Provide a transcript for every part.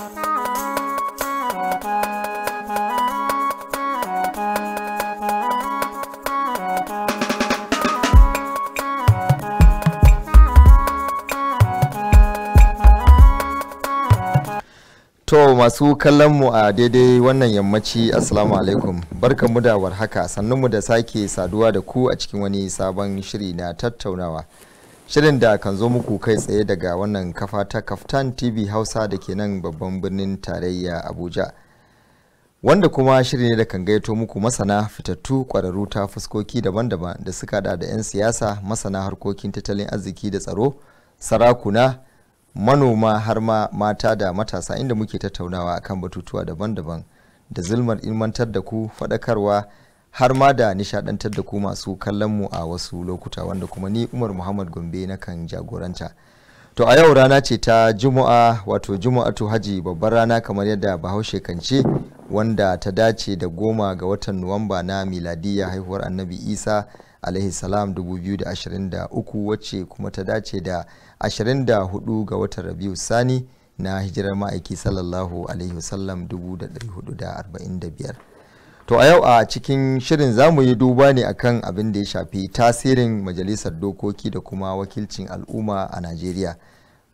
To masu kallon mu a daidai wannan yammaci Assalamu alaikum barkanmu da warhaka sannunmu da sake saduwa da ku a cikin wani sabon shiri na tattaunawa. Shirin da kan zo muku kai tsaye daga wannan kafa ta Kaftan TV Hausa da ke nan babban birnin tarayya Abuja. Wanda kuma shirin ne da kan gaito muku masana fitattu kwararru ta fuskoki daban-daban da suka da da 'yan siyasa masana harkokin tattalin arziki da tsaro, sarakuna, manoma har ma mata da matasa inda muke tattaunawa akan batutuwa daban-daban da zulmar ilmantar da ku faɗakarwa har ma da nishadantar da ku masu kallon mu a wasu lokuta wanda kuma ni umar muhammad gombe na kan jagoranta to a yau rana ce ta juma'a wato juma'atu haji babbar rana kamar yadda bahaushe kan ce wanda ta dace da goma ga watan nuwamba na miladiyya haihuwar annabi isa alaihi salam 2023 wacce kuma ta dace da 24 ga watan rabiu sani na hijirar ma'aiki sallallahu alaihi wasallam 1445 to a yau a cikin shirin za mu yi duba ne akan abin da ya shafi tasirin majalisar dokoki da kuma wakilcin al'umma a najeriya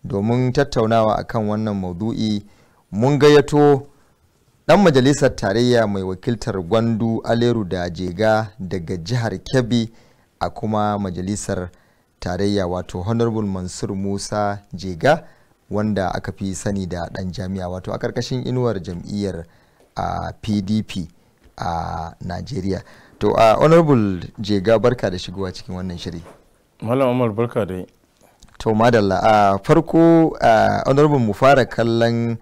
domin tattaunawa akan wannan maudu'i mun gayyato dan majalisar tarayya mai wakiltar gwandu aleru da jega daga jihar kebbi a kuma majalisar tarayya wato honorable mansur musa jega wanda aka fi sani da dan jami'a wato a ƙarƙashin inuwar jam'iyyar a pdp a najeriya to a honorable jega barka da shigowa cikin wannan shiri malam umar barka dai. to madalla a farko a honorable mu fara kallon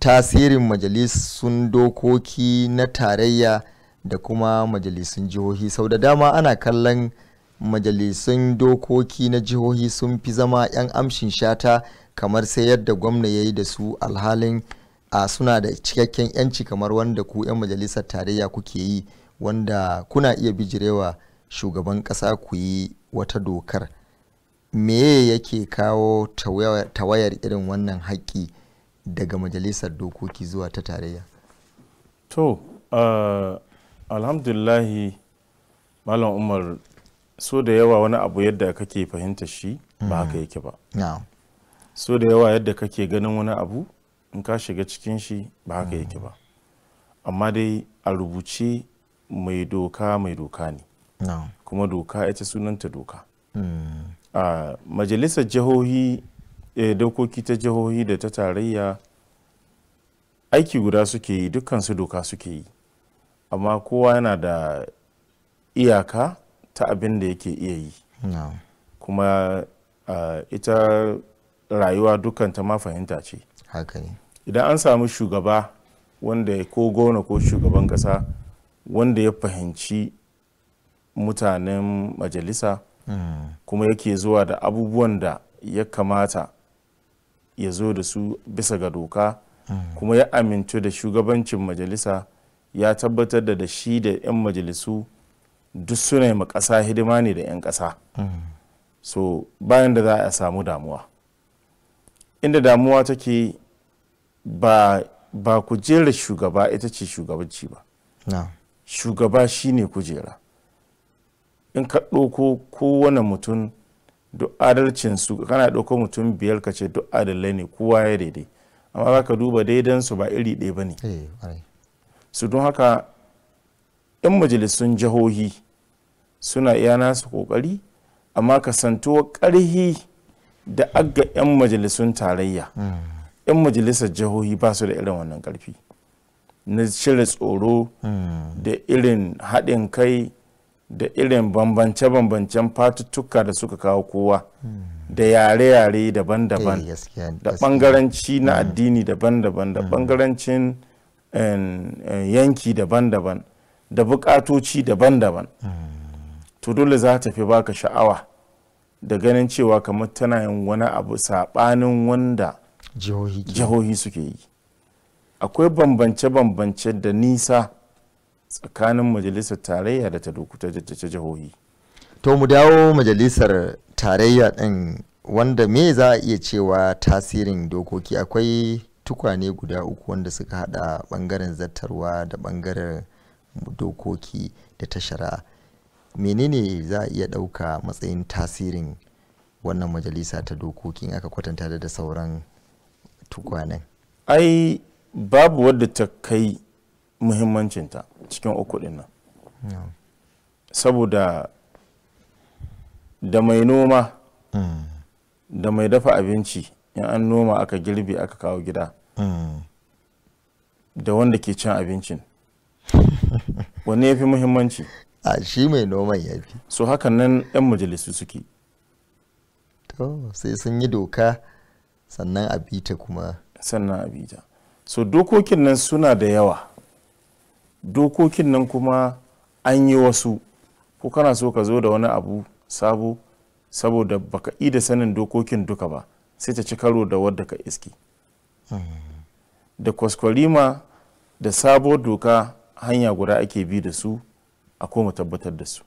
tasirin majalisun dokoki na tarayya da kuma majalisun jihohi sau da dama ana kallon majalisun dokoki na jihohi sun fi zama 'yan amshin shata kamar sai yadda gwamna ya yi da su alhalin a suna da cikakken yanci kamar wanda ku 'yan majalisar tarayya kuke yi wanda kuna iya bijirewa shugaban ƙasa ku yi wata dokar meye yake kawo tawayar irin wannan haƙƙi daga majalisar dokoki zuwa ta tarayya to uh, malam umar so da yawa wani abu yadda kake fahimta shi ba haka mm. yake ba so da yawa yadda kake ganin wani abu in ka shiga cikin shi ba haka yake ba mm. amma dai a rubuce mai doka mai doka ne kuma doka ita sunanta doka mm. a majalisar jihohi eh, dokoki ta jihohi da ta tarayya aiki guda suke yi dukansu doka suke yi amma kowa yana da iyaka ta abin da yake iya yi kuma ita rayuwa dukkan ta ma fahimta ce haka idan an samu shugaba wanda ya ko gona ko shugaban kasa wanda ya fahimci mutanen majalisa kuma yake zuwa da abubuwan da ya kamata ya zo da su bisa ga doka kuma ya amince da shugabancin majalisa ya tabbatar da shi da 'yan majalisu duk suna ma ƙasa hidima ne da 'yan ƙasa so bayan da za a samu damuwa inda damuwa take ba ba kujerar shugaba ita ce shugabanci ba no. shugaba ne kujera in ka ɗauko kowane mutum duk su kana ɗauko mutum biyar ka ce duk adalai ne kowa ya daidai amma za ka duba su ba iri ɗaya ba ne eh, su don haka 'yan majalisun jihohi suna iya nasu kokari amma ka kasantuwa ƙarhi da agga 'yan majalisun tarayya mm. 'yan majalisar jihohi ba su da irin wannan karfi na cire tsoro da irin haɗin kai da irin bambance-bambancen fatuttuka da suka kawo kowa da yare-yare daban-daban eh, da ɓangaranci na mm. addini daban-daban da mm. ɓangarancin yanki daban-daban da buƙatoci daban-daban mm. to dole za ta fi baka sha'awa da ganin cewa kamar tana yin wani abu saɓanin wanda jihohi suke yi akwai bambance-bambance da nisa tsakanin majalisar tarayya da ta lokuta ta jihohi to mu dawo majalisar tarayya ɗin wanda me za a iya cewa tasirin dokoki akwai tukwane guda uku wanda suka hada bangaren zartarwa da bangaren dokoki da ta shari'a menene za a iya ɗauka matsayin tasirin wannan majalisa ta dokokin aka kwatanta da sauran tukwanen ai babu wadda ta kai muhimmancinta cikin uku din nan saboda da mai noma mm. da mai dafa abinci in an noma aka girbi aka kawo gida mm. da wanda ke cin abincin wanne ya fi muhimmanci a shi mai noman ya fi so hakan nan 'yan majalisu suke to sai sun yi doka sannan a bita kuma sannan a bita so dokokin nan suna da yawa dokokin nan kuma an yi wasu ko kana so ka zo da wani abu sabo saboda baka yi da sanin dokokin duka ba sai ta ci karo da wadda ka iski da kwaskwarima da sabo doka hanya guda ake bi da su a koma tabbatar da su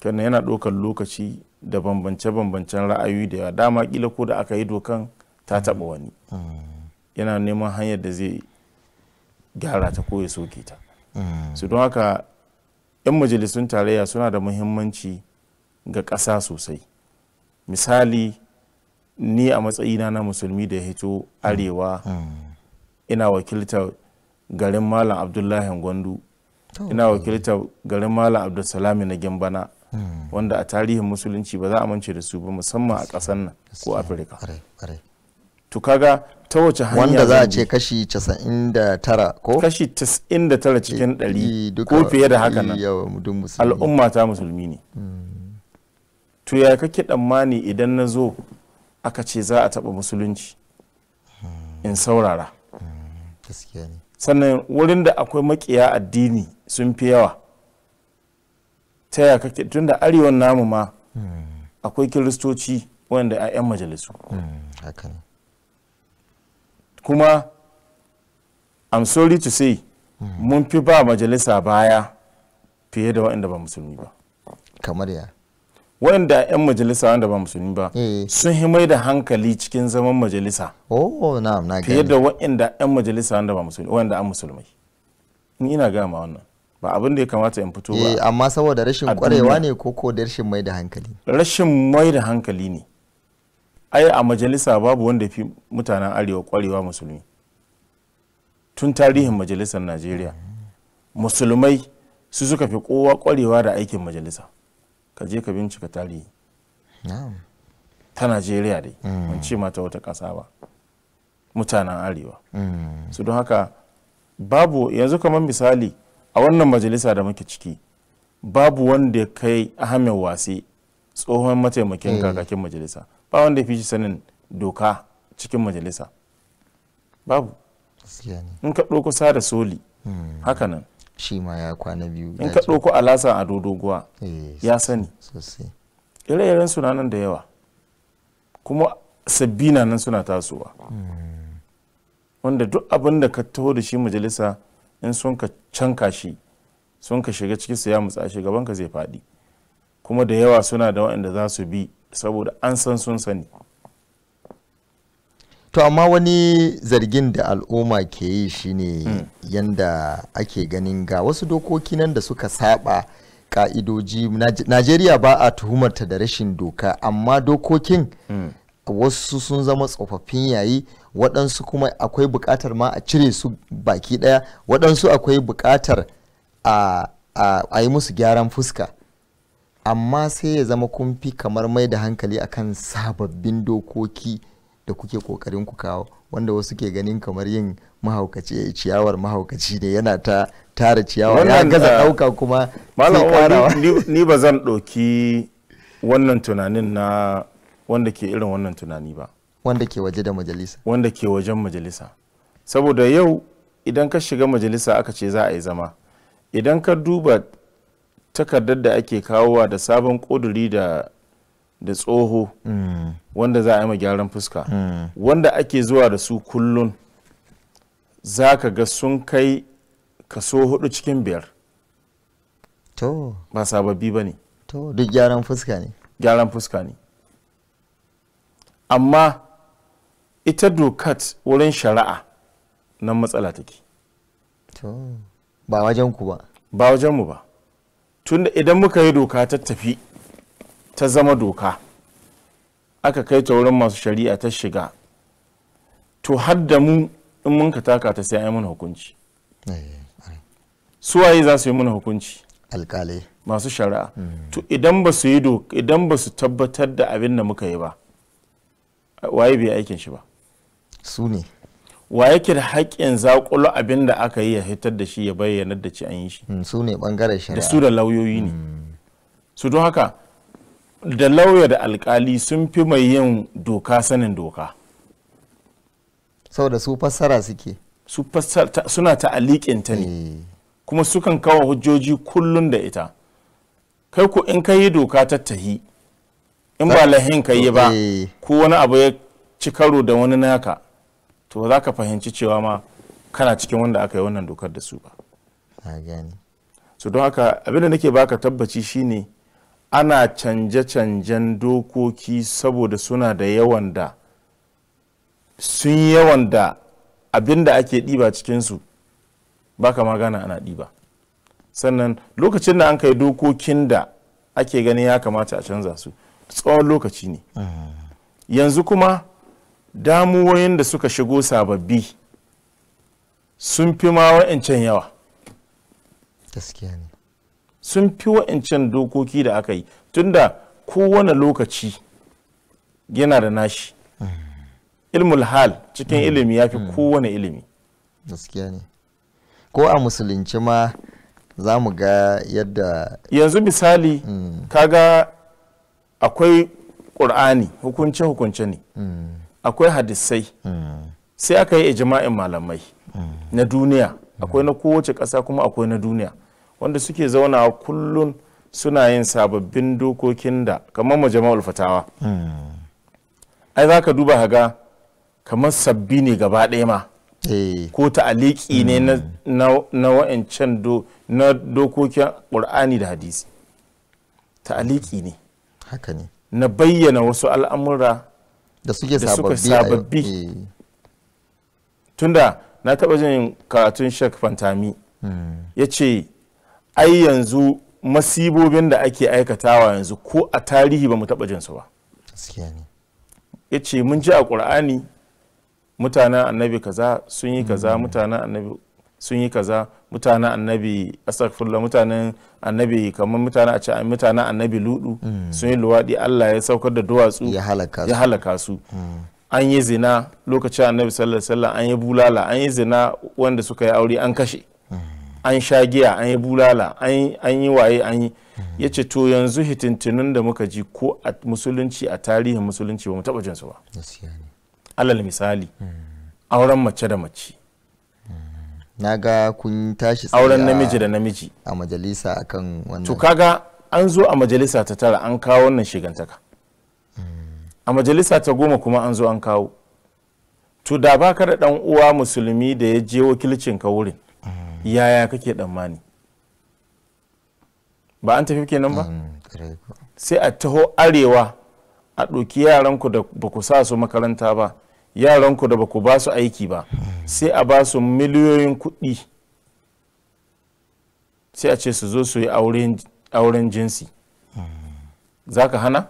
kenan yana ɗaukar lokaci da bambance-bambancen ra'ayoyi da yawa dama kila ko da aka yi dokan ta taɓa mm. wani mm. yana neman hanyar da zai gyara ta ko ya soke ta mm. su don haka 'yan majalisun tarayya suna da muhimmanci ga ƙasa sosai misali ni a matsayina na musulmi da ya hito arewa ina wakiltar garin malam abdullahi gwandu ina wakiltar garin malam abdulsalami na gimbana Hmm. wanda a tarihin musulunci ba za a mance da su ba musamman a ƙasar nan ko afirka to kaga ta wace hanya wanda za a ce kashi 99 ko kashi 99 cikin 100 eh, ko fiye da haka nan al'umma ta musulmi ne hmm. to ya kake tsammani idan na zo aka ce za a taɓa musulunci hmm. in saurara sannan wurin da akwai makiya addini sun fi yawa ta yaya kake tun da arewan namu ma akwai kiristoci wanda a 'yan majalisu hmm, kuma i'm sorry to say hmm. mun fi ba majalisa baya fiye da waɗanda ba musulmi ba kamar ya waɗanda 'yan majalisa wanda ba musulmi ba eh. sun himai da hankali cikin zaman majalisa oh, fiye da waɗanda 'yan majalisa wanda ba musulmi wanda an musulmai in ina gama wannan ba abin da ya kamata in fito ba eh, amma saboda rashin kwarewa ne ko ko da rashin mai da hankali rashin mai da hankali ne ai a majalisa babu wanda fi mutanen arewa kwarewa musulmi tun tarihin majalisar najeriya musulmai su suka fi kowa kwarewa da aikin majalisa ka je ka bincika tarihi ta najeriya dai hmm. ban ce mata wata ƙasa ba mutanen arewa hmm. su don haka babu yanzu kamar misali a wannan majalisa da muke ciki babu wanda ya kai ahmed wasi tsohon mataimakin eh. kakakin majalisa ba wanda ya fi shi sanin doka cikin majalisa babu in ka ɗauko sada soli hmm. haka nan shi ma ya kwana biyu in ka ɗauko alasa a dodoguwa eh, ya sani ire-iren sunanan nan da yawa kuma sabbi na nan suna tasowa hmm. wanda duk abin da ka taho da shi majalisa in sun ka canka shi sun ka shiga ciki su ya mutsa shi gaban ka zai faɗi kuma da yawa suna da waɗanda za su bi saboda an san sun sani to amma wani zargin da al'umma ke yi shine hmm. yanda ake ganin ga wasu dokoki nan da suka saba ka'idoji najeriya ba a tuhumarta da rashin doka amma dokokin hmm. wasu sun zama tsofaffin yayi waɗansu kuma akwai buƙatar ma a cire su baki ɗaya waɗansu akwai buƙatar a, yi musu gyaran fuska amma sai ya zama kun kamar mai da hankali akan sababbin dokoki da kuke ƙoƙarin ku kawo wanda wasu ke ganin kamar yin mahaukaci ciyawar mahaukaci ne yana ta tara ciyawa ya gaza eh, ɗauka kuma ni ba zan ɗauki wannan tunanin na wanda ke irin wannan tunani ba wanda ke waje da majalisa wanda ke wajen majalisa saboda yau idan ka shiga majalisa aka ce za a yi zama idan ka duba takardar da ake kawowa da sabon ƙuduri da da tsoho mm. wanda za a yi gyaran fuska mm. wanda ake zuwa da su kullun za ka ga sun kai kaso hudu cikin biyar to ba sababbi ba ne to duk gyaran fuska ne gyaran fuska ne amma ita dokat wurin shari'a nan matsala take ba wajen ku ba ba wajen mu ba tunda idan muka yi doka ta tafi ta zama doka aka kai ta wurin masu shari'a ta shiga to hadda mu in mun ka taka ta sai ai mana hukunci suwaye za su yi mana hukunci alkali masu shari'a hmm. to idan ba su yi idan ba su tabbatar da abin da muka yi ba waye bai aikin shi ba su ne wa yake da haƙƙin zaƙulo abin da aka yi ya hitar da shi ya bayyana da ci an yi shi hmm, su ne ɓangaren shari'a da su da lauyoyi ne hmm. su don haka da lauya da alkali sun fi mai yin doka sanin doka saboda su fassara suke su fassara suna ne eh. kuma sukan kawo hujjoji kullun da ita kai ku in ka yi doka tattahi in ba lahin ka yi ba eh. ko wani abu ya ci karo da wani naka to za ka fahimci cewa ma kana cikin wanda aka yi wannan dokar da su ba so don haka abinda nake baka tabbaci shine ana canje-canjen dokoki saboda suna da yawan da sun yawan da abinda ake ɗiba cikinsu baka magana ana ɗiba sannan lokacin da an kai dokokin da ake ganin ya kamata a canza su tsawon lokaci ne mm. yanzu kuma damuwoyin da suka shigo sababbi sun fi ma wa'ancan yawa gaskiya ne sun fi wa'ancan dokoki da aka yi tunda kowane lokaci yana da nashi mm. ilmul hal cikin mm. ilimi ya fi mm. kowane ilimi gaskiya ne ko a musulunci ma za mu ga yadda yanzu misali kaga akwai ƙur'ani hukunce-hukunce ne akwai hadisai sai aka yi ijma'in malamai na duniya akwai na kowace ƙasa kuma akwai na duniya wanda suke zauna kullum suna yin sababbin dokokin da kamar jama'ul fatawa ai za ka duba haga kamar sabbi ne gaba ɗaya ma eh. ko ta'aliki ne na wa'ancan na dokokin ƙur'ani da hadisi ta'aliki ne na bayyana wasu al'amura da suke sababbi eh. tunda na taba jin karatun shek fantami hmm. ya ce ai yanzu masibobin da ake aikatawa yanzu ko a tarihi ba mu taba jinsu ba ya ce mun ji a ƙur'ani mutanen annabi kaza sun yi kaza hmm. mutanen annabi sun yi kaza mutanen annabi astaghfirullah mutanen annabi kamar mutanen a ce mutanen annabi ludu hmm. sun yi luwaɗi Allah ya saukar da duwatsu ya halaka su hmm. an yi zina lokacin annabi sallallahu alaihi wasallam an yi bulala an yi zina wanda suka yi aure an kashe hmm. an sha giya an yi bulala an yi waye an yi ya ce to yanzu hitintinun da muka ji ko a musulunci a tarihin musulunci ba mu taɓa jinsu ba alal misali auren mace da mace na ga kun tashi auren namiji da namiji a majalisa akan wannan to kaga an zo a majalisa ta tara an kawo wannan shigantaka a majalisa ta goma kuma an zo an kawo to da ba ka da dan uwa musulmi da ya je wakilcin ka wurin yaya kake mani. ba an tafi kenan ba mm, sai a taho arewa a ɗauki yaranku da ba ku sa su makaranta ba yaranku da ba ku ba su aiki ba sai a ba su miliyoyin kuɗi sai a ce su zo su yi auren jinsi za ka hana?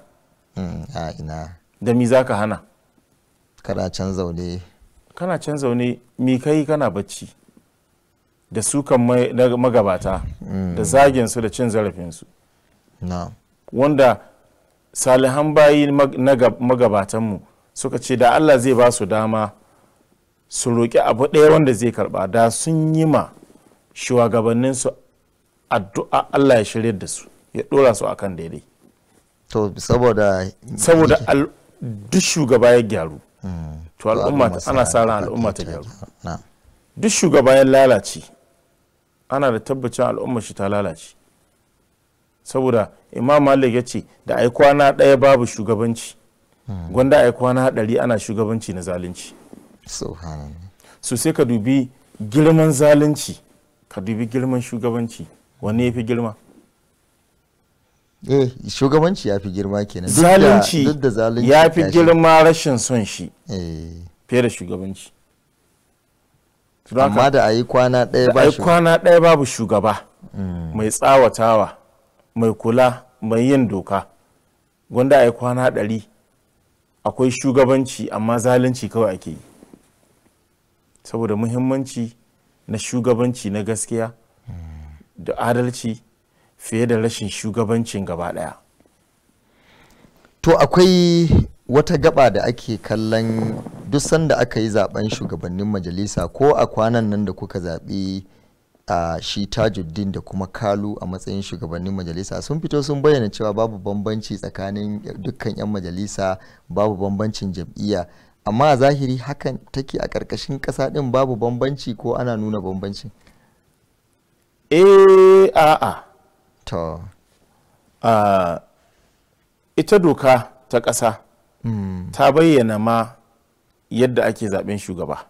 Hmm, a ina da mi za ka hana? kana can zaune kana can zaune mi kai kana bacci da sukan magabata da hmm. zaginsu da cin zarafinsu wanda salihan bayi na magabatanmu suka ce da allah zai ba su dama su roƙi abu ɗaya wanda zai karɓa da sun yi ma shugabanninsu addu'a allah ya shirya da su ya ɗora su akan daidai to saboda saboda duk shugaba ya gyaru hmm. to al'umma ana sa ran al'umma ta gyaru duk shugaba ya lalace ana da tabbacin al'umma shi ta lalace saboda imam malik ya ce da ai kwana ɗaya babu shugabanci gwanda a kwana ɗari ana shugabanci na zalunci so sai ka dubi girman zalunci ka dubi girman shugabanci wani ya fi girma eh shugabanci ya fi girma kenan zalunci zalunci ya fi girma rashin son shi eh. fiye da shugabanci amma da a yi kwana ɗaya ba shi kwana ɗaya babu shugaba mm. mai tsawatawa mai kula mai yin doka gwanda a yi kwana ɗari akwai shugabanci amma zalunci kawai ake yi saboda muhimmanci na shugabanci na gaskiya da adalci fiye da rashin shugabancin gaba daya to akwai wata gaba da ake kallon duk sanda aka yi zaben shugabannin majalisa ko a kwanan nan da kuka zaɓi a shi tajuddin da kuma kalu a matsayin shugabannin majalisa sun fito sun bayyana cewa babu bambanci tsakanin dukkan 'yan majalisa babu bambancin jam'iyya amma a zahiri hakan take a ƙarƙashin ƙasa ɗin babu bambanci ko ana nuna bambanci eh a'a to uh, ita doka ta ƙasa hmm. ta bayyana ma yadda ake zaben shugaba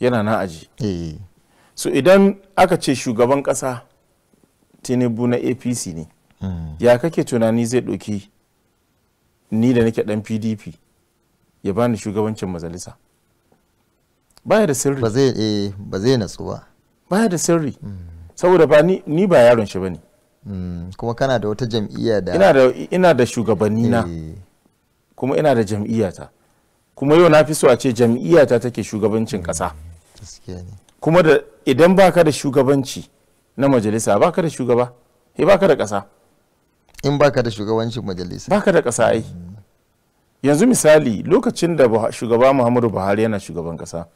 yana na aji eh. so idan aka ce shugaban kasa tinubu na apc ne ya kake tunani zai ɗauki ni da nake dan pdp ya bani shugabancin majalisa baya da sirri ba zai eh, ba zai natsu ba baya da sirri saboda ba ni, ni ba yaron shi bane ne mm, kuma kana da wata jam'iyya da ina da ina da shugabanni na eh. kuma ina da jam'iyyata kuma yau na fi so a ce jam'iyyata take shugabancin kasa mm, gaskiya ne kuma da idan baka da shugabanci na majalisa baka da shugaba Eh baka da ƙasa in baka da shugabancin majalisa baka da ƙasa ai yanzu misali lokacin da shugaba muhammadu buhari yana shugaban ƙasa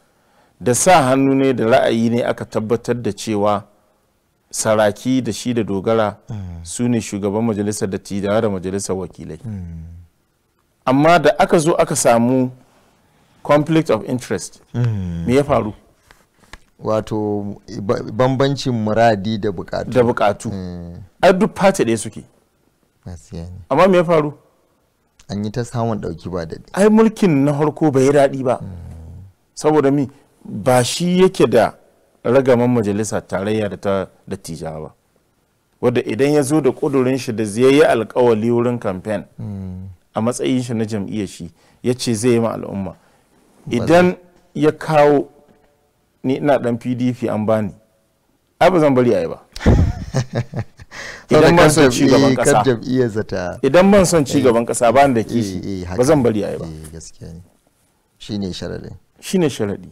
da sa hannu ne da ra'ayi ne aka tabbatar da cewa saraki da shi da dogara mm. su ne shugaban majalisar da tijawa da majalisar wakilai mm. amma da aka zo aka samu conflict of interest mm. me ya faru wato bambancin muradi da bukatu da bukatu eh. ai duk fata ɗaya suke amma me ya faru an yi ta samun ɗauki ba daɗi ai mulkin na harko bai daɗi ba hmm. saboda mi ba shi yake da ragaman majalisa tarayya da ta dattijawa ba wadda idan ya zo da ƙudurin shi da zai yi alkawali wurin kamfen hmm. a matsayin shi na jam'iyyar shi ya ce zai yi ma al'umma idan ya kawo ni ina dan pdp an bani ai ba zan bari a yi ba eh, idan ban son ci gaban kasa eh, idan ban son ci gaban kasa ba da kishi eh, ba zan bari a yi ba shine sharadi shine sharadi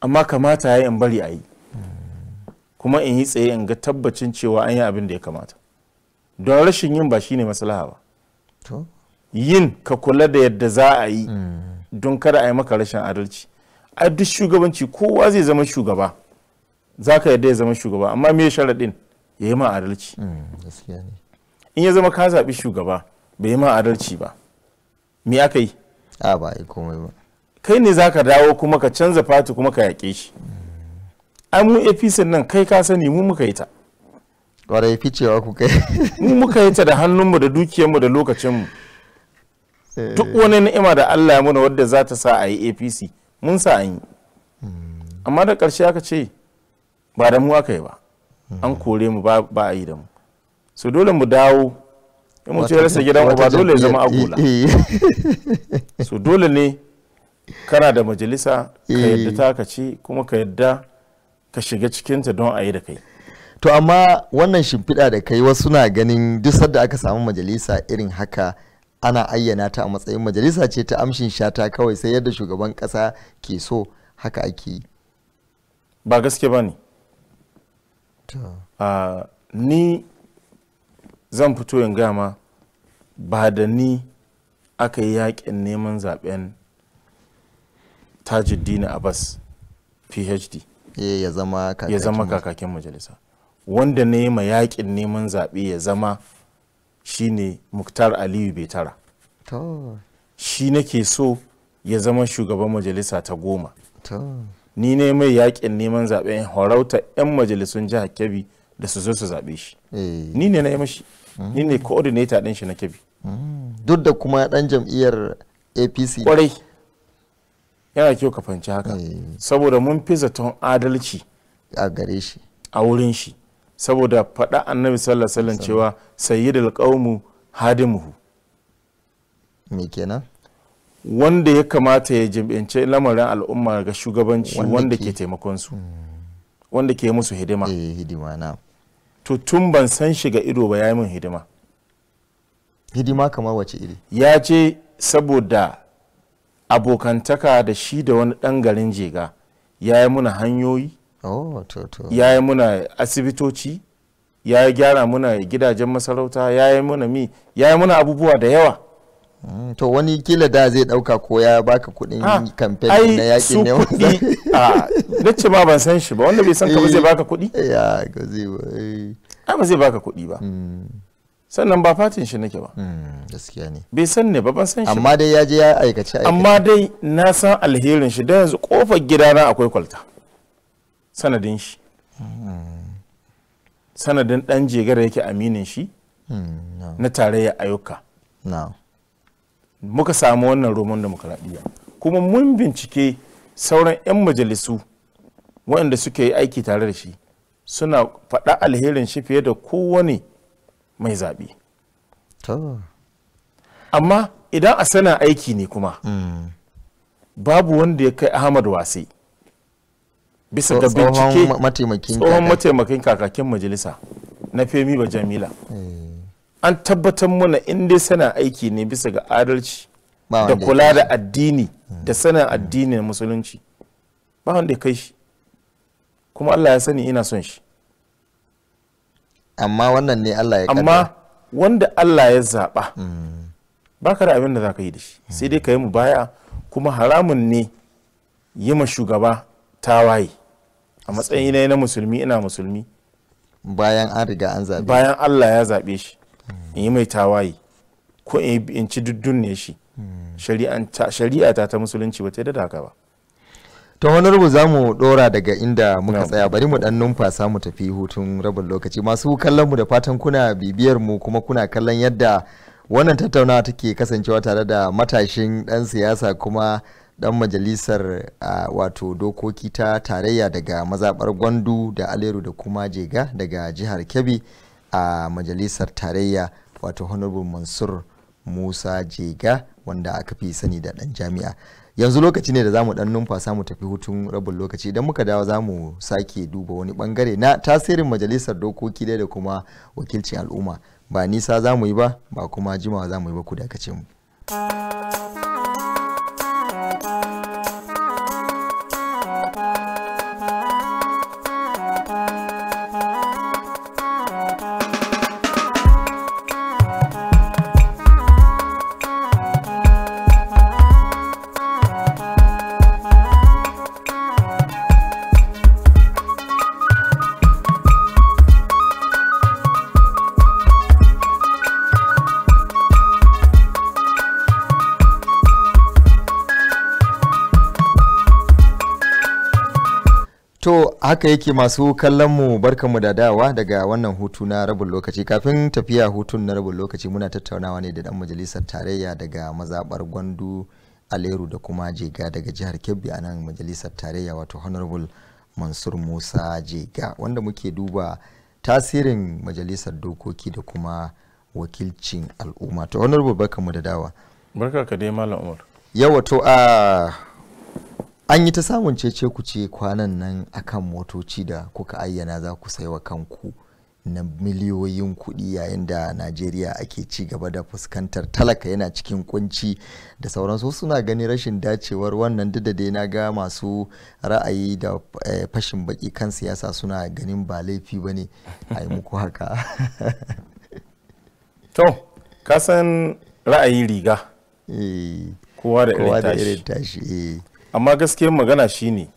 amma kamata ya yi in bari a yi kuma in yi tsaye in ga tabbacin cewa an yi abin da ya kamata don rashin yin ba shine maslaha ba yin ka kula da yadda za a yi mm. don kada a yi maka rashin adalci a duk shugabanci kowa zai zama shugaba za ka yadda ya zama shugaba amma me sharaɗin ya yi ma adalci mm, in ya zama ka zaɓi shugaba bai yi ma adalci ba me aka yi a ba yi komai ba kai ne za ka dawo kuma ka canza fati kuma ka yaƙe shi an mu apc nan kai ka sani mu muka yi ta fi ficewa ku kai mu muka yi ta da hannunmu da dukiyarmu da lokacinmu eh. duk wani ni'ima da allah ya muna wadda za ta sa a yi apc mun sa an yi amma da ƙarshe aka ce ba da mu aka yi ba an kore mu ba a yi da mu so dole mu dawo in mutu ya rasa gidan ba dole ya zama agola eh, eh. so dole ne kana da majalisa ka eh. yadda ta ka ci kuma ka yadda ka shiga cikinta don a yi da kai to amma wannan shimfiɗa da kai wasu na ganin duk sadda aka samu majalisa irin haka ana ayyana ta a matsayin majalisa ce ta amshin shata kawai sai yadda shugaban kasa ke so haka ake yi ba gaske ba ne ni zan fito in gama ba da ni aka yi yakin neman zaben a bas phd ya zama kakakin majalisa wanda ne ma yakin neman zaɓe ya zama shine muktar aliyu betara shi nake so ya zama shugaban majalisa ta goma ni ne mai yakin neman zaɓen horauta 'yan majalisun jihar kebbi da su zo su zaɓe shi eh. ni ne na yi mashi ni ne coordinator ɗin shi na kebbi mm. duk da kuma ɗan jam'iyyar apc Ƙwarai yana kyau ka fahimci haka eh. saboda mun fi zaton adalci a gare shi a wurin shi saboda faɗa annabi sallallahu alaihi wasallam cewa sayyidul qaumu hadimuhu me kenan wanda ya kamata ya jibince lamarin al'umma ga shugabanci wanda ke taimakon su hmm. wanda ke musu hidima eh hidima na to tun ban san shi ga ido ba yayi min hidima hidima kamar wace iri ya ce saboda abokantaka da shi da wani dan garin jega ya yi muna hanyoyi Oh, ya yi muna asibitoci ya yi gyara muna gidajen masarauta ya yi muna mi ya yi muna abubuwa da yawa mm, to wani kila da zai dauka ko ya baka kudin ah, kamfen na yakin ne wanda ah, nace ma ban san shi ba wanda bai san ka ba zai eh, baka kudi ya ga zai ba eh. ai ba zai baka kudi ba mm. sannan ba fatin shi nake ba mm, gaskiya ne bai san ne ba ban san shi amma dai ya je ya aikace aikace amma dai na san alherin shi da yanzu kofar gidana akwai kwalta sanadin shi sanadin ɗan jegara yake aminin shi hmm, na tarayya ayyuka muka samu wannan roman demokradiyya kuma mun bincike sauran 'yan majalisu waɗanda suke yi aiki tare da shi suna faɗa alherin shi fiye da kowane mai zaɓe amma idan a sana aiki ne kuma hmm. babu wanda ya kai ahmad wasai bisa ga bincike tsohon mataimakin kakakin majalisa na femi ba jamila eh. an tabbatar mana in dai sana aiki ne bisa ga adalci da kula da addini da hmm. sanin hmm. addinin musulunci ba wanda ya kai shi kuma allah ya sani ina son shi amma wannan ne allah ya amma wanda allah ya zaɓa hmm. ba ka da abin da za ka yi da shi sai dai ka yi mu baya kuma haramun ne yi ma shugaba tawaye a matsayi na na musulmi ina musulmi bayan an riga an zaɓe bayan Allah ya zaɓe shi in yi mai tawaye ko in ci ne shi hmm. shari'a ta ta musulunci ba ta da haka ba ta rubu za mu ɗora daga inda muka tsaya bari mu ɗan numfasa mu tafi hutun rabin lokaci masu kallon mu da fatan kuna bibiyar mu kuma kuna kallon yadda wannan tattaunawa take kasancewa tare da matashin ɗan siyasa kuma dan majalisar wato dokoki ta tarayya daga mazabar gwandu da aleru da kuma jega daga jihar kebbi a majalisar tarayya wato honorable mansur musa jega wanda aka fi sani da dan jami'a yanzu lokaci ne da zamu dan numfasa mu tafi hutun rabin lokaci idan muka dawo zamu sake duba wani bangare na tasirin majalisar dokoki da kuma wakilcin al'umma ba nisa zamu yi ba ba kuma jimawa zamu yi ba ku dakace mu To haka yake masu kallon mu barka mu da dawa daga wannan hutu na rabin lokaci kafin tafiya hutun na rabin lokaci muna tattaunawa ne da dan majalisar tarayya daga mazabar gwandu aleru da kuma jega daga jihar kebbi a nan majalisar tarayya wato honorable mansur musa jega wanda muke duba tasirin majalisar dokoki da kuma wakilcin al'umma to honorable barkanmu da dawa barka ka dai malam umar yawa to a an yi ta samun cece ku ce kwanan nan akan motoci da kuka ayyana za ku saiwa kanku na miliyoyin kuɗi yayin da najeriya ake ci gaba da fuskantar talaka yana cikin kunci da sauransu suna gani rashin dacewar wannan duk da dai na ga masu ra'ayi da eh, fashin baki kan siyasa suna ganin ba laifi ba ne a yi muku haka to kasan ra'ayi riga eh, kowa da irin tashi eh. amma gaskiyar magana shine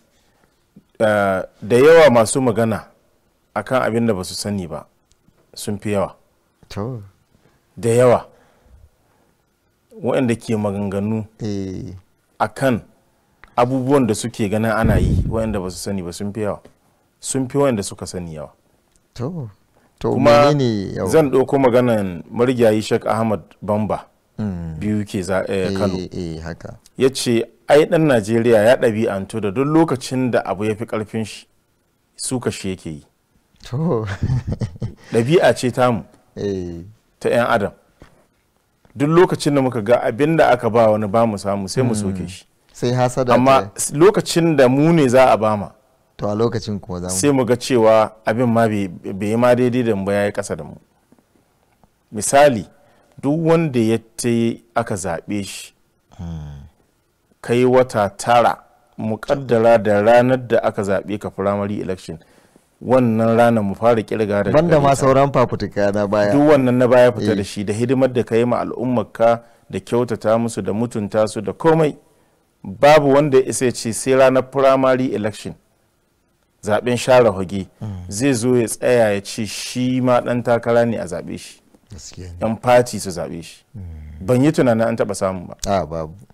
eh, da yawa masu magana akan abin da ba su sani ba sun fi yawa da yawa waɗanda ke maganganu eh. a kan abubuwan da suke ganin ana yi waɗanda ba su sani ba sun fi yawa sun fi waɗanda suka sani yawa kuma zan ɗauko maganan marigayi shek ahmad bamba mm. biyu ke eh, kano ya ce ai dan najeriya ya ɗabi'antu da duk lokacin da abu ya fi ƙarfin shi su shi yake yi ɗabi'a ce tamu eh. ta 'yan adam duk lokacin da muka ga abin da aka ba wani ba mu samu sai mu soke hmm. shi sai hasada amma lokacin da mu ne za a ba ma to a lokacin kuma za mu sai mu ga cewa abin ma bai yi ma daidai da mu ba yi kasa da mu misali duk wanda ya ta aka zaɓe shi hmm. kai wata tara mukaddara da ranar da aka zaɓe ka firamare election wannan ranar mu fara kirga da banda ma sauran fafutuka na baya duk wannan na baya fita da eh. shi da hidimar da ka yi ma al'ummarka da kyautata musu da mutunta su da komai babu wanda ya isa ce sai ranar firamare election zaben share hoge hmm. zai zo ya tsaya ya ce shi ma dan takara ne a zaɓe shi yan fati su zaɓe shi hmm. ban yi tunanin an taɓa samu ba a babu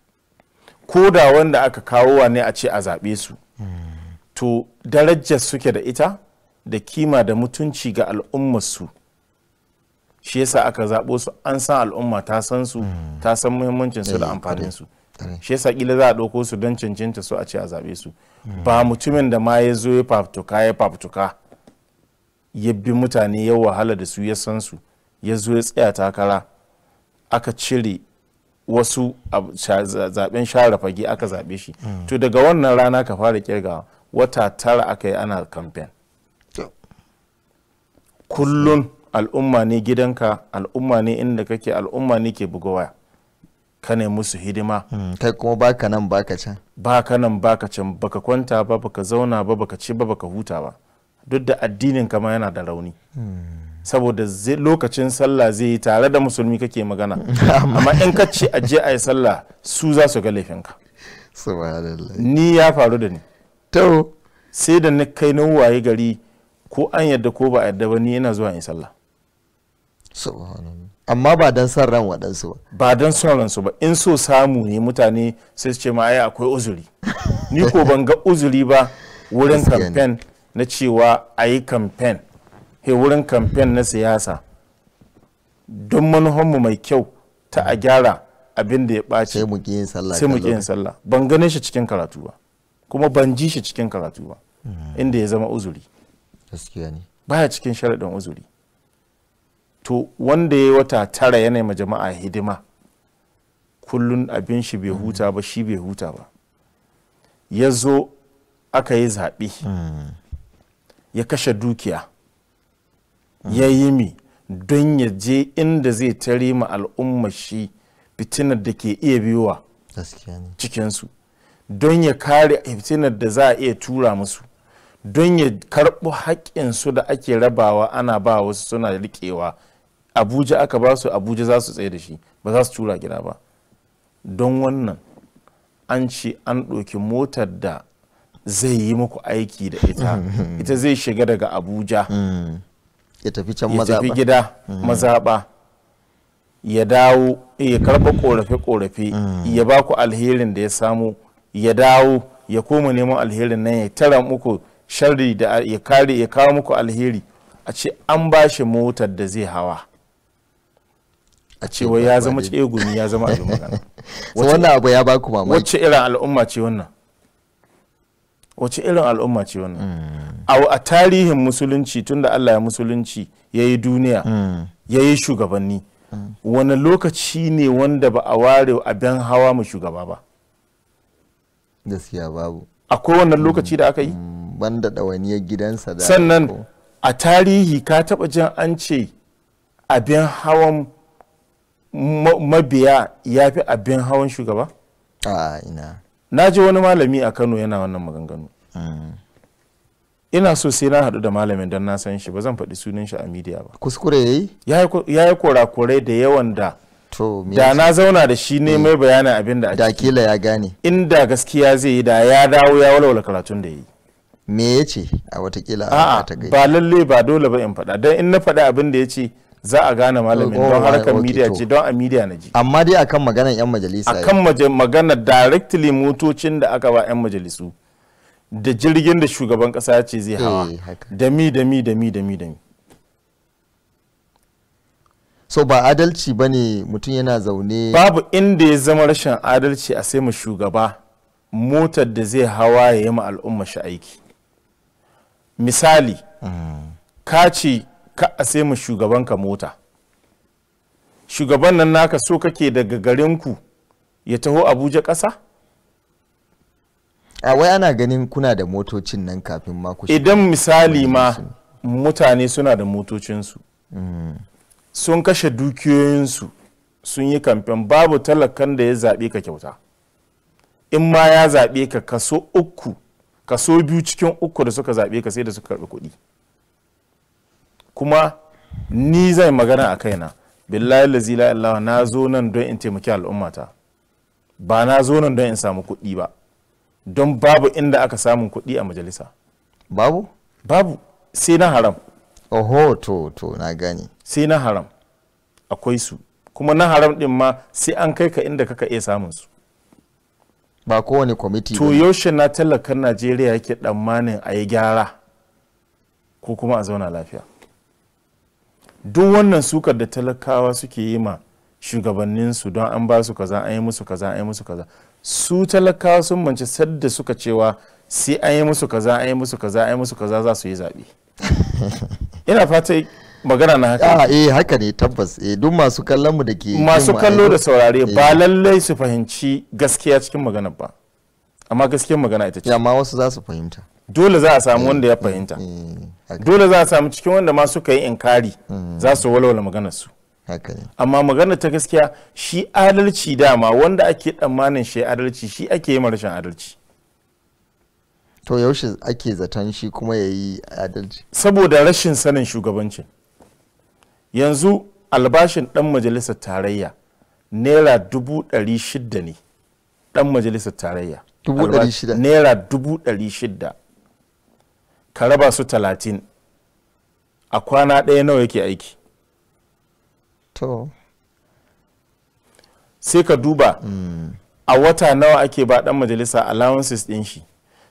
ko da wanda aka kawo wa ne a ce a zaɓe su to darajar suke da ita da kima da mutunci ga al'ummarsu shi yasa aka zaɓo su an san al'umma ta san su ta san muhimmancin su da eh, amfanin su shi yasa kila za a ɗauko su don cancanta su a ce a zaɓe su ba mutumin da ma ya zo ya fafutuka ya fafutuka ya bi mutane ya wahala da su ya san su ya zo ya tsaya takara aka cire wasu zaben share fage aka zabe shi to daga wannan rana ka fara kirgawa wata tara aka yi ana kamfen kullum al'umma ne gidanka al'umma ne inda kake al'umma ne ke buga waya ka ne musu hidima hmm, kai kuma baka nan baka can baka nan baka can baka kwanta ba baka zauna ba baka ci ba baka huta ba duk da addinin kama yana da rauni hmm. saboda lokacin sallah zai yi tare da musulmi kake magana amma in ka ce a je a yi sallah su za su ga laifinka ni ya faru da ni to sai da na kai na waye gari ko an yadda ko ba a yadda ba ni yana zuwa yin sallah amma ba don son ran waɗansu ba ba don son ransu ba in so samu ne mutane sai su ce ma ai akwai uzuri ni ko ban ga uzuri ba wurin kamfen na cewa a yi kamfen he wurin kamfen na siyasa don manuhanmu mai kyau ta a gyara abin da ya ɓaci sai mu yin sallah ban ganin shi cikin karatu ba kuma ban ji shi cikin karatu ba hmm. inda ya zama uzuri ba ya baya cikin sharaɗin uzuri to wanda ya yi wata tara yana ma jama'a hidima kullun abin shi bai hmm. huta ba shi bai huta ba ya zo aka yi zaɓe hmm. ya kashe dukiya ya yi mi don ya je inda zai tare ma al'umma shi fitinar da ke iya wa cikinsu don ya kare fitinar da za a iya tura musu don ya karɓo haƙƙinsu da ake rabawa ana ba wasu suna riƙewa abuja aka ba su abuja za su tsaye da shi ba za su tura gida ba don wannan an ce an ɗauki motar da zai yi muku aiki da ita ita zai shiga daga abuja mm. ya tafi can mazaba ya tafi gida mm. mazaba ya dawo ya karba korafe korafe mm. ya ba ku alherin da ya samu ya dawo ya koma neman alherin nan ya tara muku sharri da ya kare ya kawo muku alheri a ce an ba shi motar da zai hawa a cewa ya zama tsegumi ya zama abin magana wannan abu ya ba ku mamaki wacce irin al'umma ce wannan wace irin al'umma ce wannan mm. a tarihin musulunci tunda allah ya musulunci ya yi duniya mm. ya yi shugabanni wani lokaci ne wanda ba a ware abin hawa mu shugaba ba gaskiya babu akwai wannan mm. lokaci da aka yi banda ɗawainiyar gidansa da sannan a tarihi ka taɓa jin an ce abin hawan mabiya ya fi abin hawan shugaba a ina na ji wani malami a kano yana wannan maganganu hmm. ina so sai na haɗu da malamin don na san shi ba zan faɗi sunan shi a media ba kuskure ya yi. ya yi kurakurai da yawan da da na zauna da shi ne eh. mai bayani abin da da kila ya gane inda gaskiya zai yi da ya dawo ya walwala karatun da yi me ya ce a watakila a ba lalle ba dole ba in faɗa don in na faɗa abin da ya ce za a gane malamin don harkar media ce don a media na ji amma dai akan maganar yan majalisa akan magana directly motocin da aka ba yan majalisu da jirgin da shugaban kasa ya ce zai hawa eh, da mi da mi da mi da mi da mi so ba adalci ba ne mutum yana zaune babu inda ya zama rashin adalci a sai mu shugaba motar da zai hawa ya yi ma al'umma shi aiki misali mm. ka ce ka a sai mu ka mota shugaban nan naka so kake daga garinku ya taho abuja ƙasa? a wai ana ganin kuna da motocin nan kafin mako idan misali ma mutane suna da motocinsu su mm. sun kashe dukiyoyin su sun yi kamfen babu talakan da ya zaɓe ka kyauta in ma ya zaɓe ka kaso uku kaso biyu cikin uku da suka zaɓe ka sai da suka karɓi kuɗi. kuma ni zai magana a kaina billahi lazi la ilaha na zo nan don in taimaki al'ummata ba na zo nan don in samu kuɗi ba don babu inda aka samun kuɗi a majalisa babu babu sai na haram oho to to na gani sai na haram akwai su kuma na haram din ma sai an kai ka inda kaka iya samun su ba kowane kwamiti to yaushe na talakan najeriya yake damanin a yi gyara ko kuma a zauna lafiya duk wannan sukar da talakawa suke yi ma shugabanninsu don an ba su kaza an yi musu kaza an yi musu kaza su talakawa sun mance sadda suka cewa sai an yi musu kaza an yi musu kaza an yi musu kaza za su yi zaɓe ina fata magana na haka ah, eh haka ne tabbas eh duk masu kallon mu da ke masu kallo da saurare eh. ba lallai su fahimci gaskiya cikin magana ba amma gaskiyar magana ita ce amma wasu za su fahimta dole za a samu wanda ya fahimta mm, dole za a samu cikin wanda ma suka yi inkari mm. za su walwala maganar su amma maganar ta gaskiya shi adalci dama wanda ake tsammanin shi adalci shi ake yi rashin adalci to yaushe ake zaton shi kuma ya yi adalci saboda rashin sanin shugabancin yanzu albashin dan majalisar tarayya naira dubu ɗari shida ne dan majalisar tarayya naira dubu ɗari shida ka raba su talatin a kwana ɗaya nawa yake aiki to sai ka duba mm. a wata nawa ake ba ɗan majalisa allowances ɗin shi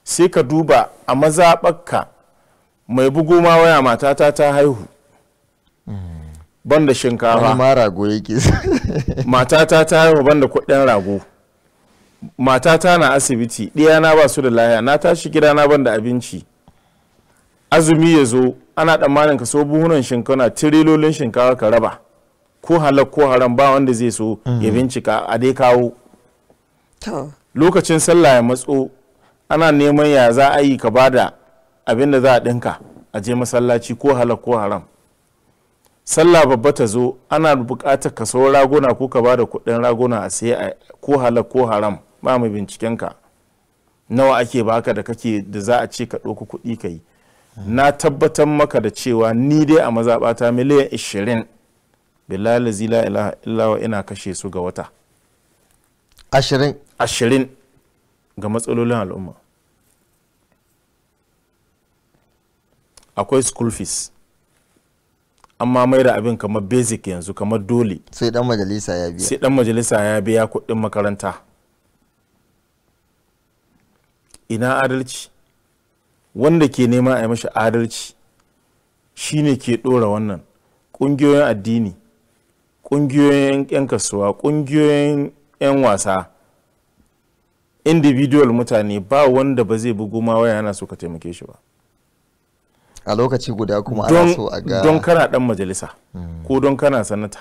sai ka duba a mazaɓakka mai bugu ma waya matata ta haihu hmm. banda shinkafa ma rago yake matata ta haihu banda kuɗin rago matata na asibiti na ba su da lahiya na tashi gida na banda abinci azumi ya zo ana tsammanin ka so buhunan shinkana tirilolin shinkawa ka raba ko halak ko haram ba wanda zai so ya mm. bincika a dai kawo lokacin sallah ya matso ana neman ya za a yi ka da abin da za a ɗinka a je masallaci ko halak ko haram sallah babba ta zo ana buƙatar ka sau raguna ko ka bada kuɗin raguna a sai a ko halak ko haram ba mu binciken ka nawa ake baka da kake da za a ce ka ɗauki kuɗi ka yi na tabbatar maka da cewa ni dai a mazaɓata miliyan 20 bilal zila ilawa ina kashe su ga wata 20 20 ga matsalolin al'umma akwai school fees amma mai da abin kamar basic yanzu kamar dole sai dan majalisa ya biya sai dan majalisa ya biya kuɗin makaranta ina adalci wanda ke nema a yi mashi adalci shine ke ɗora wannan ƙungiyoyin addini ƙungiyoyin 'yan kasuwa ƙungiyoyin 'yan wasa individual mutane ba wanda ba zai bugu ma waya yana so ka taimake shi ba a lokaci guda kuma ana so a ga don kana dan majalisa mm. ko don kana sanata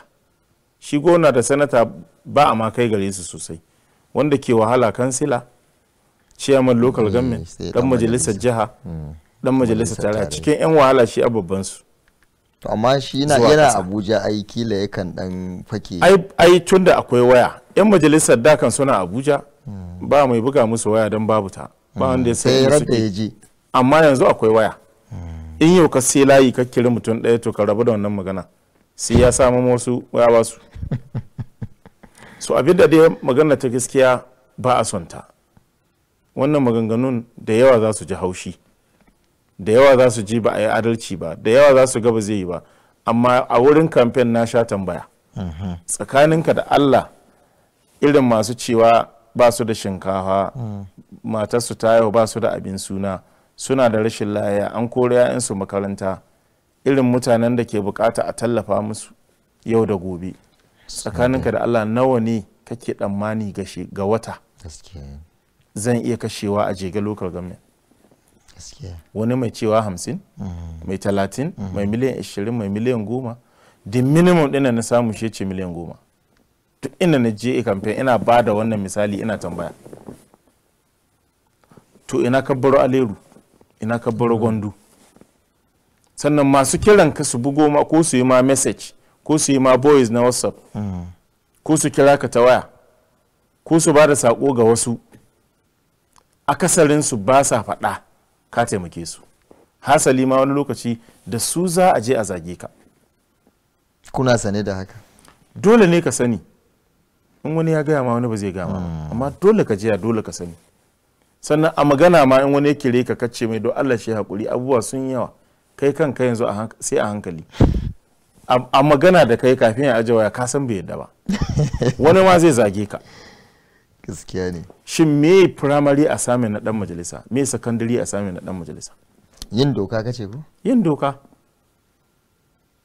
shi gona da sanata ba a ma kai gare su sosai wanda ke wahala kansila chairman local hmm, government hmm. dan majalisar jiha dan majalisar tare. cikin yan wahala shi a babban su to amma shi yana yana abuja ai kila yakan dan fake ai ai tunda akwai waya yan majalisar da kan suna abuja hmm. ba mai buga musu waya dan babu ta ba wanda ya sai ya je amma yanzu akwai waya in yau ka sai layi ka kira mutum ɗaya to ka rabu da wannan magana sai ya samu wasu waya ba su so abinda dai magana ta gaskiya ba a son ta wannan maganganun da yawa za su ji haushi da yawa za su ji ba a yi adalci ba da yawa za su ga ba zai yi ba amma a wurin kamfen na sha tambaya mhm. tsakaninka da allah irin masu cewa ba su da shinkafa mm. matarsu ta yau ba su da abin suna suna da rashin laya an kori 'ya'yansu makaranta irin mutanen da ke bukata a tallafa musu yau da gobe tsakaninka da allah nawa ne kake tsammani ga wata zan iya kashewa a jega local government wani mai cewa hamsin mm. mai talatin mm. mai miliyan ashirin mai miliyan goma da minimum ɗin na samu shi ce miliyan goma duk ina na je a campaign ina ba da wannan misali ina tambaya to ina kabbaro aleru ina kabbaro gwandu sannan masu kiran ka su bugo ma ko su yi ma message ko su yi ma boys na whatsapp mm. ko su kira ka ta waya ko su ba da sako ga wasu akasarinsu ba sa faɗa ka taimake su hasali ma wani lokaci da su za a je a zage ka kuna sane da haka dole ne ka sani in wani ya gaya ma wani ba zai gaya ma hmm. amma dole ka jiya dole ka sani sannan a magana ma in wani ya kire ka kace mai don Allah shi hakuri abubuwa sun yawa kai kan ka yanzu sai a hankali a magana da kai kafin ya aje waya ka san bai yadda ba wani ma zai zage ka gaskiya ne shin me primary assignment na dan majalisa me secondary assignment na dan majalisa yin doka kace ko yin doka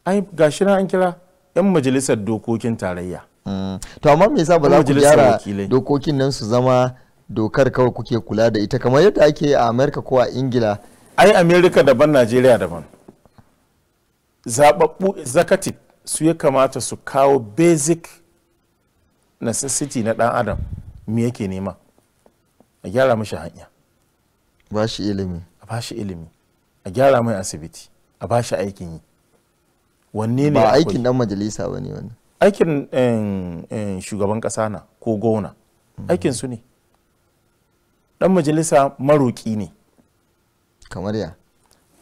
ai gashi na an kira yan majalisar dokokin tarayya mm. to amma me yasa ba za ku gyara dokokin nan su zama dokar kawai kuke kula da ita kamar yadda ake a amerika ko a ingila ai amerika daban najeriya daban zababbu zakati su ya kamata su kawo basic necessity na dan adam me yake nema a gyara mashi hanya ba shi ilimi a ba shi ilimi a gyara mai asibiti a ba shi aikin yi wanne ne ba aikin dan majalisa ba ne wani. aikin shugaban kasa na ko gona mhm. aikin su ne dan majalisa maroki ne kamar ya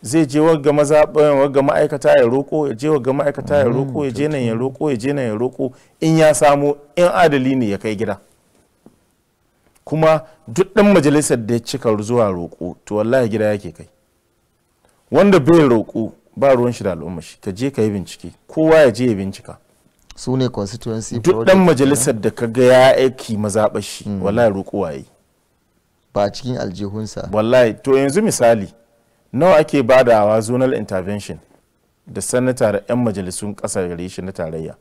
zai je wagga mazaɓen wagga ma'aikata ya roko ya je wagga ma'aikata ya roko mm, ya je nan ya roko ya je nan ya roko in ya samu in adali ne ya kai gida kuma duk ɗan majalisar da ya cika zuwa roƙo to wallahi gida yake kai wanda bai roƙo ba ruwan shi da al'umma shi ka je ka yi bincike kowa ya je ya bincika su ne constituency duk ɗan majalisar da ka ga ya aiki mazaɓar shi hmm. wallahi roƙo waye ba cikin aljihunsa wallahi to yanzu misali nawa ake bada badawa zonal intervention da sanata da 'yan majalisun ƙasar gare shi na tarayya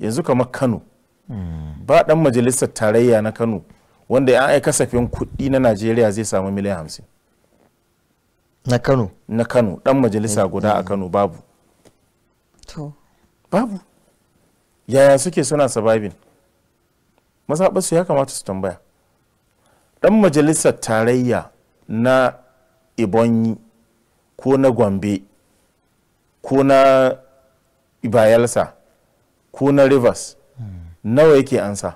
yanzu kamar kano hmm. ba dan majalisar tarayya na kano wanda ya aika kasafin kuɗi na najeriya zai samu miliyan hamsin na kano na kano dan majalisa eh, guda a eh. kano babu to babu yaya suke suna sababin mazaɓarsu ya kamata su tambaya dan majalisar tarayya na ibonyi ko na gombe ko na bayelsa ko na rivers nawa yake ansa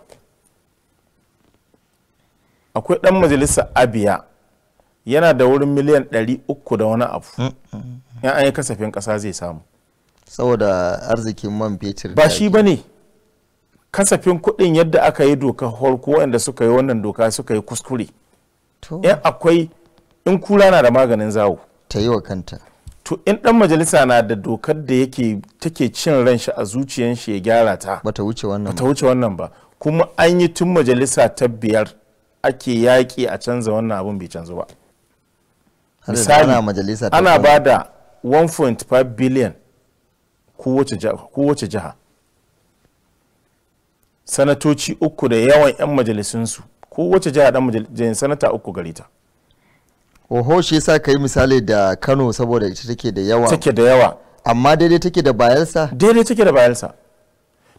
akwai dan majalisa abiya yana da wurin miliyan 300 da wani abu ya mm, mm, an kasafin kasa zai samu saboda arzikin man fetur ba shi ba ne kasafin kuɗin yadda aka yi doka farko wanda suka yi wannan doka suka yi kuskure in akwai in kula na da maganin zawo ta yi wa kanta to in dan majalisa na da dokar da yake take cin ran shi a zuciyan shi ya gyara ta bata wuce wannan bata wuce wannan ba kuma an yi tun majalisa ta biyar ake yaƙi a canza wannan abun bai canzu ba misali ana ba da 1.5 biliyan kowace jiha sanatoci uku da yawan 'yan majalisunsu kowace jiha dan sanata uku gare ta oho shi yasa ka yi misali da kano saboda ita take da yawa take da yawa amma daidai take da bayelsa daidai take da bayelsa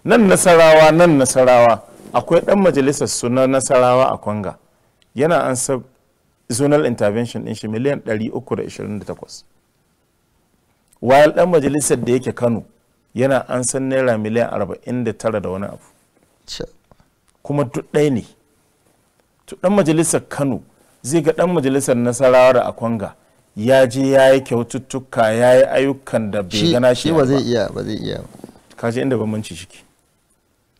nan nasarawa nan nasarawa akwai dan majalisar suna nasarawa a kwanga yana an ansa zonal intervention din shi miliyan 328 while dan majalisar da yake kano yana an san naira miliyan 49 da wani abu kuma duk ɗaya ne to dan majalisar kano zai ga dan majalisar nasarawa a kwanga ya je ya yi kyaututtuka ya yi ayyukan da bai gana shi ba zai iya ba zai iya kaje inda bambanci shike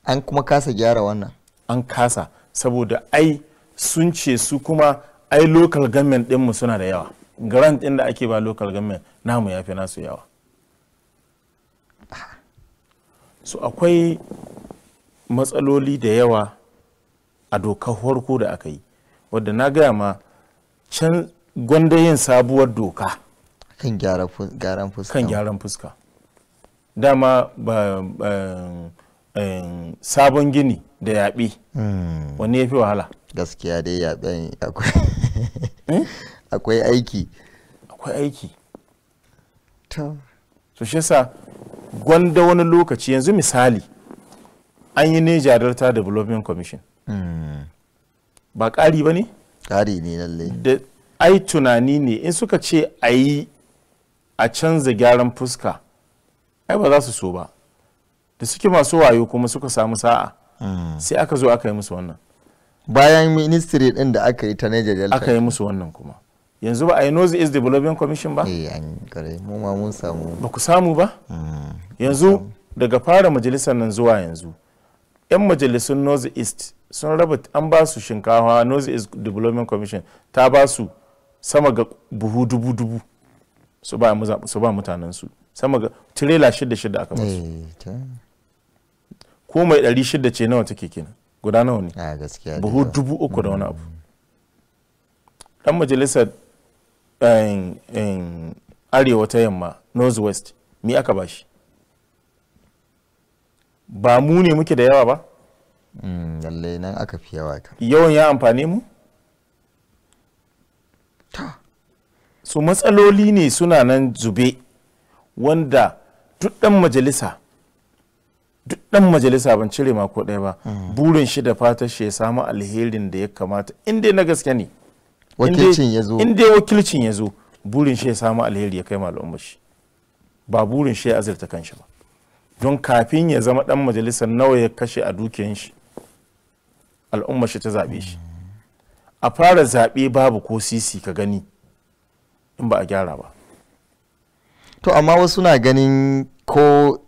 an kuma kasa gyara wannan an kasa saboda ai sun ce su kuma ai local government dinmu suna da yawa grant din da ake ba local government namu ya fi nasu yawa so akwai matsaloli da yawa a dokar farko da aka yi wadda na gaya ma can gwanda yin sabuwar doka kan gyaran fuska kan gyaran fuska dama ba eh, sabon gini da yaɓe hmm. wani ya fi wahala gaskiya dai yaɓen akwai eh? aiki akwai aiki to so shi sa gwanda wani lokaci yanzu misali an yi ne jadarta development commission hmm. ba ƙari ba ne? ƙari ne lalle da ai tunani ne in suka ce a yi a canza gyaran fuska ai ba za su so ba da suke masu wayo kuma suka samu sa'a hmm. sai aka zo aka yi musu wannan bayan ministry din da aka yi ta Niger Delta aka yi musu wannan kuma yanzu ba a yi nose East Development Commission ba eh an kare mu ma mun samu ba ku samu ba hmm. yanzu daga fara majalisar nan zuwa yanzu yan majalisun North East sun raba an ba su shinkawa north east development commission ta ba su sama ga buhu dubu dubu su ba mutanen su sama ga tirela shida shida aka ba eh, ko mai dari shida ce nawa take kenan guda nawa ne buhu dubu uku da wani mm. abu dan majalisar eh, eh, arewa ta yamma north west mi aka ba shi ba mu ne muke da yawa ba Mm, lalle nan aka fi yawa ka yawan ya amfane mu ta su matsaloli ne suna nan zube wanda duk dan majalisa duk dan majalisa ban cire mako ɗaya ba mm. burin shi da fatar shi ya samu alherin da ya kamata inda na gaske ne wakilcin ya zo inda wakilcin ya zo burin shi ya samu alheri ya kai al'ummar shi ba burin shi ya azurta kanshi ba don kafin ya zama dan majalisa nawa ya kashe a dukiyan shi al'ummar shi ta zaɓe shi a fara zaɓe babu ko sisi ka gani in ba a gyara ba to amma wasu na ganin ko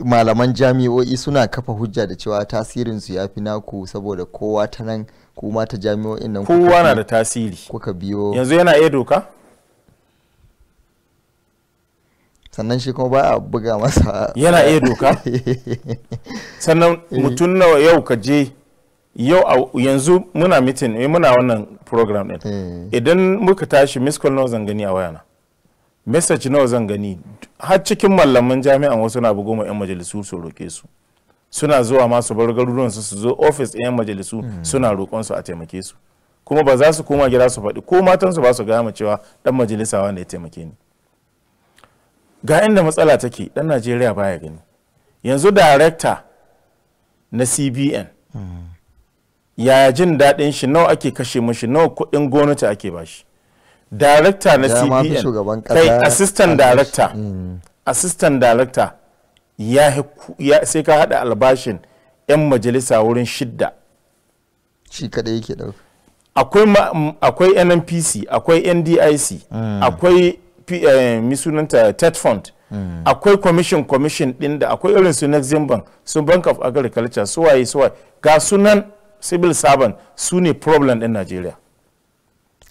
malaman jami'o'i suna kafa hujja da cewa tasirin su fi naku saboda kowa ta nan kuma ta jami'o'in nan kowa na da tasiri kuka biyo yanzu yana iya doka sannan shi kuma ba a buga masa yana iya doka sannan eh. mutum nawa yau ka je yau yanzu muna mitin eh, muna wannan program din eh. idan muka tashi miss nawa zan gani a wayana message nawa zan gani har cikin mallaman jami'an wasu na bugo ma yan majalisu su roke su suna zuwa masu bar garuruwan su zo office yan majalisu hmm. suna roƙon su a taimake su kuma ba za su koma gida su faɗi ko matan su ba su gama cewa dan majalisa wanda ya taimake ni ga inda matsala take dan Najeriya baya gani yanzu director na CBN hmm. yaya jin daɗin shi nawa ake kashe mashi nawa kuɗin gwamnati ake bashi director na cbn kai mm. assistant director assistant director ya, sai ka haɗa albashin 'yan majalisa wurin shidda shi kada yake ɗauka akwai nnpc mm, akwai ndic akwai mm. eh, misunanta tet fund akwai commission commission ɗin da akwai irin su bank sun bank of agriculture suwaye suwaye ga sunan civil servant su ne problem din najeriya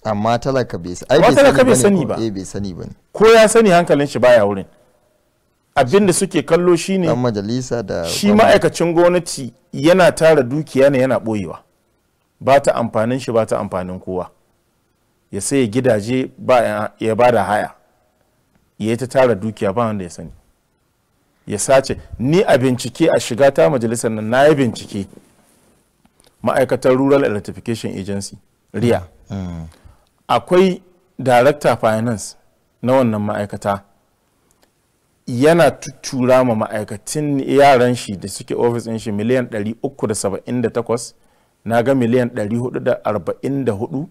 amma talaka bai sani ba talaka eh, bai sani ba bai sani ba ko ya sani hankalin shi baya wurin abin da suke kallo shine dan majalisa da shi ma'aikacin gwamnati yana tara dukiya ne yana boyewa ba ta amfanin shi ba ta amfanin kowa ya sai gidaje ya ba da haya ya yi ta tara dukiya ba wanda ya sani ya sace ni a bincike a shiga ta majalisar nan na yi bincike ma'aikatar rural electrification agency ria mm. akwai director finance na wannan ma'aikata yana tuttura ma ma'aikatan yaran shi da suke ofis ɗin shi miliyan 378 na ga miliyan 444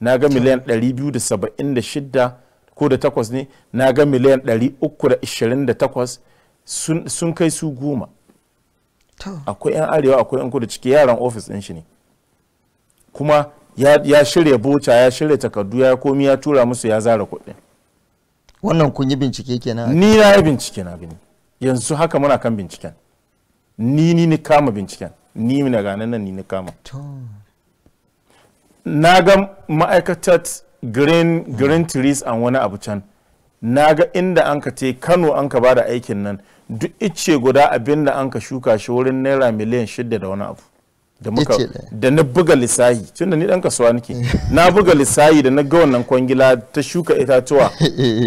na ga miliyan 276 ko da takwas ne na ga miliyan 328 sun kai su goma akwai 'yan arewa akwai 'yan kudu ciki yaran ofis din shi ne kuma ya shirya boca ya shirya takardu ya komi ya tura musu ya zara kuɗin wannan kun yi bincike kenan ni na yi bincike na gani yanzu haka muna kan binciken ni ni ni kama binciken ni na ganin nan ni ni kama na ga ma'aikatar green green trees an wani abu can na ga inda an ka te kano an ka bada aikin nan duk icce guda abin da an ka shuka shi wurin naira miliyan shida da wani abu da muka na buga lissahi tun da ni dan kasuwa nake na buga lissahi da na ga wannan kwangila ta shuka itatuwa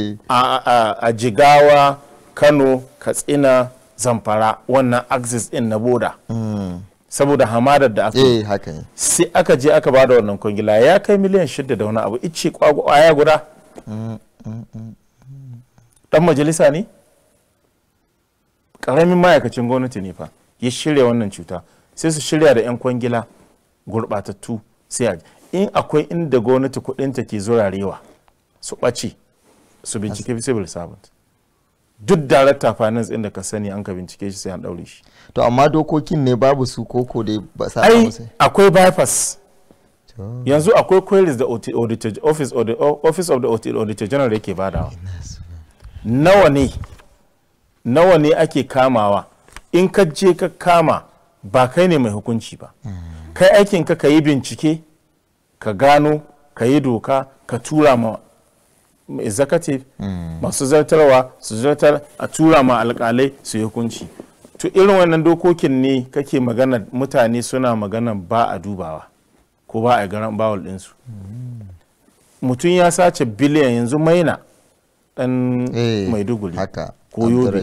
a jigawa kano katsina zamfara wannan axis din na boda mm. saboda hamadar da aka eh, sai aka je aka bada wannan kwangila ya kai miliyan shida da wani abu icce kwaya guda dan mm, mm, majalisa ne karamin ma'aikacin gwamnati ne fa ya shirya wannan cuta sai su shirya da 'yan kwangila gurbatattu sai in akwai inda gwamnati kudinta ke zurarewa su ɓace su bincike civil servant duk da rata finance inda ka sani an ka bincike shi sai an ɗaure shi to amma dokokin ne babu su koko dai ba sa ai akwai bypass yanzu akwai queries da office of the office of the auditor general yake badawa nawa ne nawa ne ake kamawa in ka je ka kama ba kai ne mai hukunci ba kai aikin ka ka yi bincike ka gano ka yi doka ka tura ma executive hmm. masu zartarwa su zartar a tura ma alkalai su hukunci to irin wannan dokokin ne kake magana mutane suna magana ba a dubawa ko ba a garan bawul ɗinsu hmm. mutum ya sace biliyan yanzu maina dan eh, maiduguri ko yobe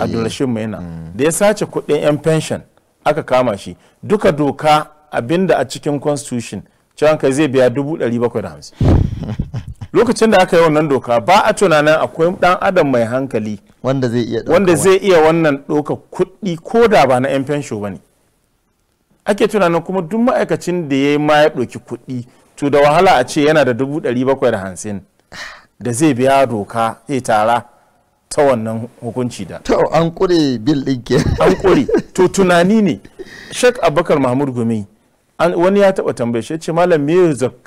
abdulrashid maina da ya sace kuɗin 'yan pension aka kama shi duka doka abinda a cikin constitution cewa kai zai biya 750 lokacin da aka yi wannan doka ba a tunanin akwai dan adam mai hankali wanda zai iya wanda zai iya wannan doka kuɗi ko da ba na 'yan fensho ba ne ake tunanin kuma duk ma'aikacin da ya yi ma ya ɗauki kuɗi to da wahala a ce yana da 750 ah. da zai biya doka zai tara ta wannan hukunci da to an kure bil din ke an kure to tunani ne shek Abubakar Mahmud Gumi wani ya taba tambaye shi ce malam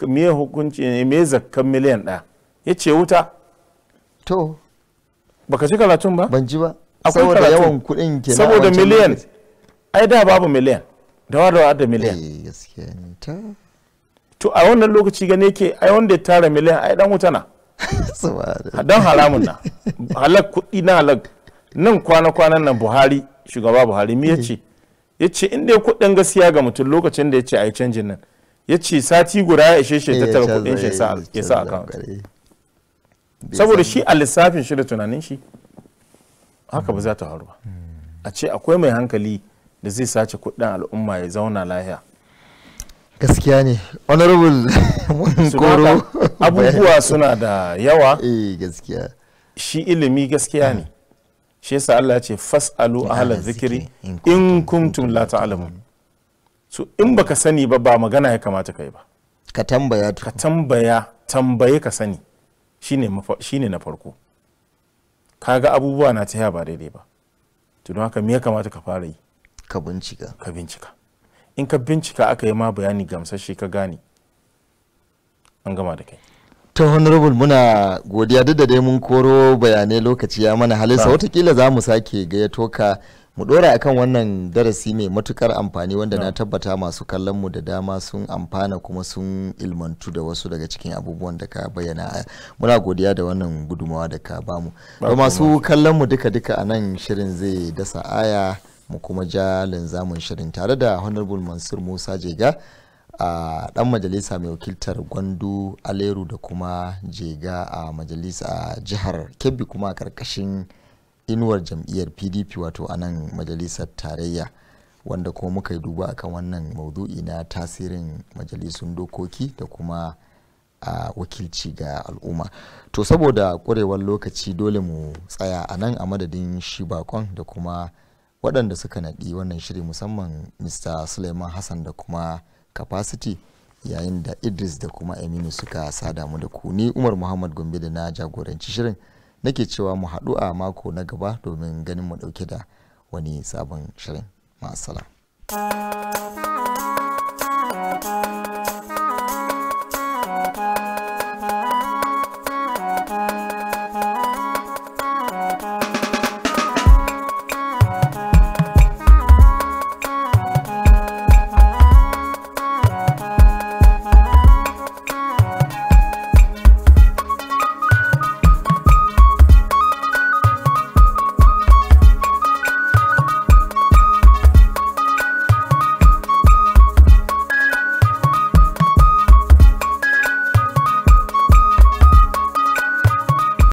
me hukunci ne mai me zakkan miliyan ɗaya Ya ce wuta to baka ci karatun ba ban ji ba saboda yawan kuɗin kenan saboda miliyan ai da babu miliyan da wa da miliyan eh, ne ta to a wannan lokaci gane ke ai wanda ya tara miliyan ai dan wuta na don haramun na halak kuɗi na halak nan kwana-kwanan nan buhari shugaba buhari mi ya ce ya ce inda ya kuɗin gaskiya ga mutum lokacin da ya ce a yi canjin nan ya ce sati guda ya ishe shi tattara kuɗin shi ya sa account saboda shi a lissafin shi da tunanin shi haka ba za ta faru ba a ce akwai mai hankali da zai sace kuɗin al'umma ya zauna lahiya gaskiya ne honorable mun koro abubuwa suna da yawa eh, gaskiya shi ilimi gaskiya ne shi yasa Allah ya ce fasalu ahla zikiri in kuntum la ta'lamun so in baka sani ba ba magana ya kamata kai ba ka tambaya ka tambaya tambaye ka sani shine shine na farko kaga abubuwa na ta ba daidai ba to don haka me ya kamata ka fara yi ka bincika ka bincika in ka bincika aka yi ma bayani gamsashe ka gane an gama da kai ta honorable muna godiya duk da dai mun koro bayanai lokaci ya mana halisa watakila za mu sake gayyato ka mu dora akan wannan darasi mai matukar amfani wanda na tabbata masu kallon mu da dama sun amfana kuma sun ilmantu da wasu daga cikin abubuwan da ka bayyana muna godiya da wannan gudumawa da ka bamu da masu kallon mu duka duka a nan shirin zai dasa aya mu kuma ja linzamin shirin tare da honorable mansur musa jega a dan majalisa mai wakiltar gwandu aleru da kuma jega a majalisa a jihar kebbi kuma a karkashin inuwar jam'iyyar pdp wato a nan majalisar tarayya wanda kuma muka yi duba akan wannan maudu'i na tasirin majalisun dokoki da kuma a wakilci ga al'umma to saboda kurewar lokaci dole mu tsaya a nan a madadin shi bakon da kuma waɗanda suka naɗi wannan shiri musamman mr suleiman hassan da kuma capacity yayin da idris da kuma aminu suka sada mu da ku ni umar muhammad gombe da na jagoranci shirin nake cewa mu haɗu a mako na gaba domin ganin mu ɗauke da wani sabon shirin ma'asala.